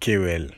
kéwél